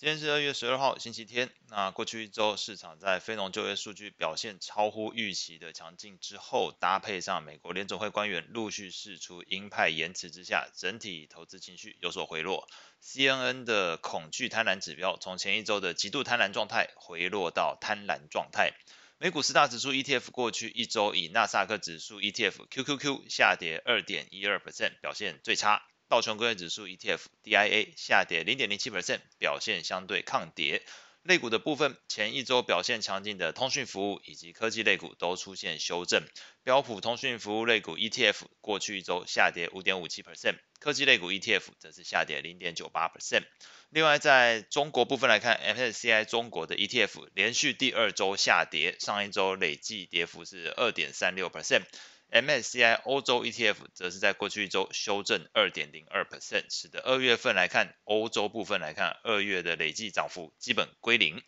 今天是二月十二號，星期天。那過去一周，市場在非農就業數據表現超乎預期的強勁之後，搭配上美國聯準會官員陸續釋出鷹派言辭之下，整體投資情緒有所回落。CNN 的恐懼貪婪指標從前一周的極度貪婪狀態回落到貪婪狀態。美股四大指數 ETF 過去一周以那斯達克指數 ETF QQQ 下跌二點一二 percent 表現最差。道瓊工業指數 ETF DIA 下跌0.07%，表現相對抗跌。類股的部分，前一周表現強勁的通訊服務以及科技類股都出現修正。標普通訊服務類股 ETF 過去一周下跌5.57%，科技類股 ETF 則是下跌0.98%。另外，在中國部分來看，MSCI 中國的 ETF 連續第二周下跌，上一周累計跌幅是2.36%。MSCI 歐洲 ETF 則是在過去一周修正2.02%，使得二月份來看，歐洲部分來看，二月的累計漲幅基本歸零。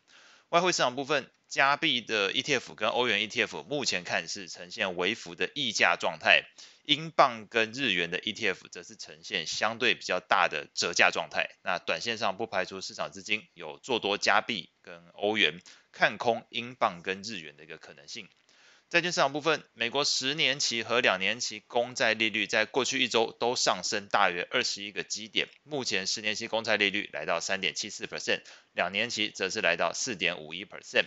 外匯市場部分，加幣的 ETF 跟歐元 ETF 目前看是呈現微幅的溢價狀態，英鎊跟日元的 ETF 則是呈現相對比較大的折價狀態。那短線上不排除市場資金有做多加幣跟歐元，看空英鎊跟日元的一個可能性。債券市場部分，美國十年期和兩年期公債利率在過去一周都上升大約二十一個基點。目前十年期公債利率來到三點七四 percent，兩年期則是來到四點五一 percent。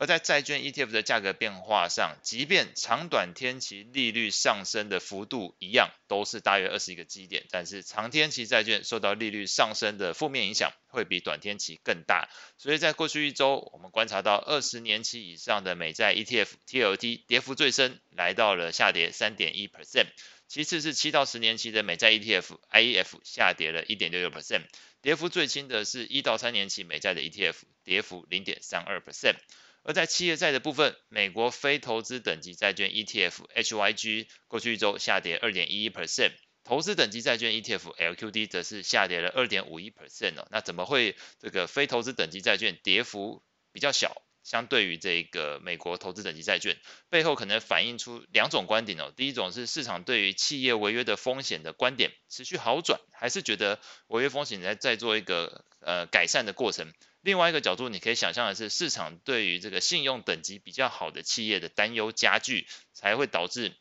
而在債券 ETF 的價格變化上，即便長短天期利率上升的幅度一樣，都是大約二十一個基點，但是長天期債券受到利率上升的負面影響會比短天期更大。所以在過去一周，我們觀察到二十年期以上的美債 ETF（TLT） 跌幅最深，來到了下跌三點一 percent。其次是七到十年期的美債 ETF（IEF）、e、下跌了一點六六 percent。跌幅最輕的是一到三年期美債的 ETF，跌幅零點三二 percent。而在企業債的部分，美國非投資等級債券 ETF HYG 過去一周下跌2.11%，投資等級債券 ETF LQD 則是下跌了2.51%哦。那怎麼會這個非投資等級債券跌幅比較小，相對於這個美國投資等級債券，背後可能反映出兩種觀點哦。第一種是市場對於企業違約的風險的觀點持續好轉，還是覺得違約風險在在做一個呃改善的過程。另外一個角度，你可以想象的是，市場對於這個信用等級比較好的企業的擔憂加劇，才會導致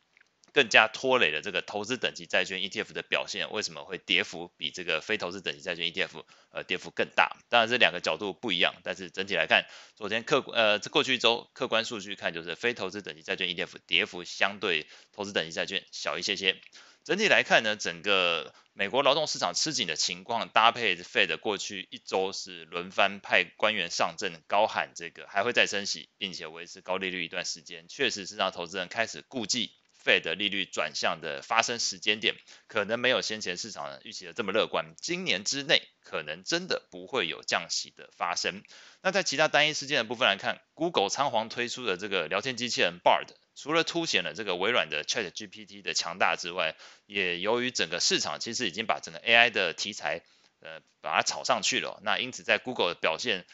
更加拖累了這個投資等級債券 ETF 的表現。為什麼會跌幅比這個非投資等級債券 ETF 呃跌幅更大？當然，這兩個角度不一樣，但是整體來看，昨天客觀呃過去一周客觀數據看，就是非投資等級債券 ETF 跌幅相對投資等級債券小一些些。整體來看呢，整個美國勞動市場吃緊的情況，搭配 Fed 的過去一周是輪番派官員上陣，高喊這個還會再升息，並且維持高利率一段時間，確實是讓投資人開始顧忌 Fed 的利率轉向的發生時間點，可能沒有先前市場預期的這麼樂觀。今年之內可能真的不會有降息的發生。那在其他單一事件的部分來看，Google 倉皇推出的這個聊天機器人 Bard。除了凸顯了這個微軟的 Chat GPT 的強大之外，也由於整個市場其實已經把整個 AI 的題材，呃，把它炒上去了哦。那因此在 Google 的表現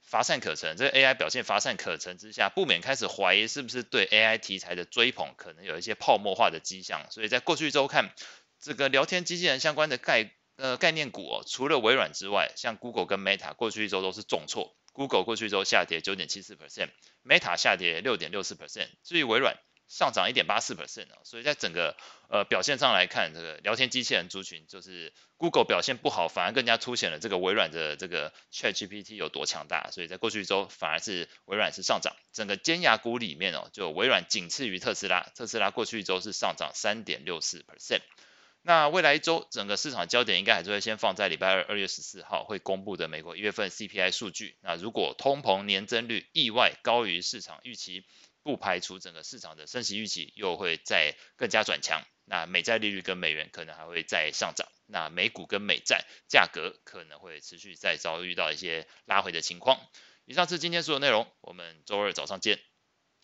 乏善可陳，這個 AI 表現乏善可陳之下，不免開始懷疑是不是對 AI 題材的追捧可能有一些泡沫化的跡象。所以在過去一周看這個聊天機器人相關的概呃概念股哦，除了微軟之外，像 Google 跟 Meta 過去一周都是重挫。Google 過去一周下跌九點七四 percent，Meta 下跌六點六四 percent，至於微軟上漲一點八四 percent 啊，哦、所以在整個呃表現上來看，這個聊天機器人族群就是 Google 表現不好，反而更加凸顯了這個微軟的這個 ChatGPT 有多強大，所以在過去一周反而是微軟是上漲，整個尖牙股裡面哦，就微軟僅次於特斯拉，特斯拉過去一周是上漲三點六四 percent。那未來一周，整個市場焦點應該還是會先放在禮拜二，二月十四號會公布的美國一月份 CPI 數據。那如果通膨年增率意外高於市場預期，不排除整個市場的升息預期又會再更加轉強。那美債利率跟美元可能還會再上漲，那美股跟美債價格可能會持續再遭遇到一些拉回的情況。以上是今天所有內容，我們周二早上見。